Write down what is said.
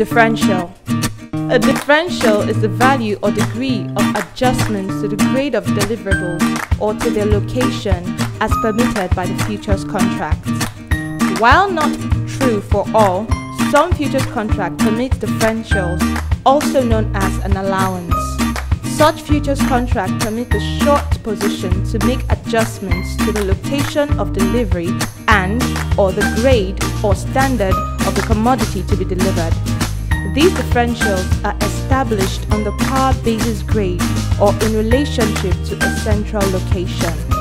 Differential A differential is the value or degree of adjustments to the grade of deliverables or to their location as permitted by the futures contract. While not true for all, some futures contracts permit differentials, also known as an allowance. Such futures contracts permit the short position to make adjustments to the location of delivery and or the grade or standard of the commodity to be delivered. These differentials are established on the power basis grade or in relationship to a central location.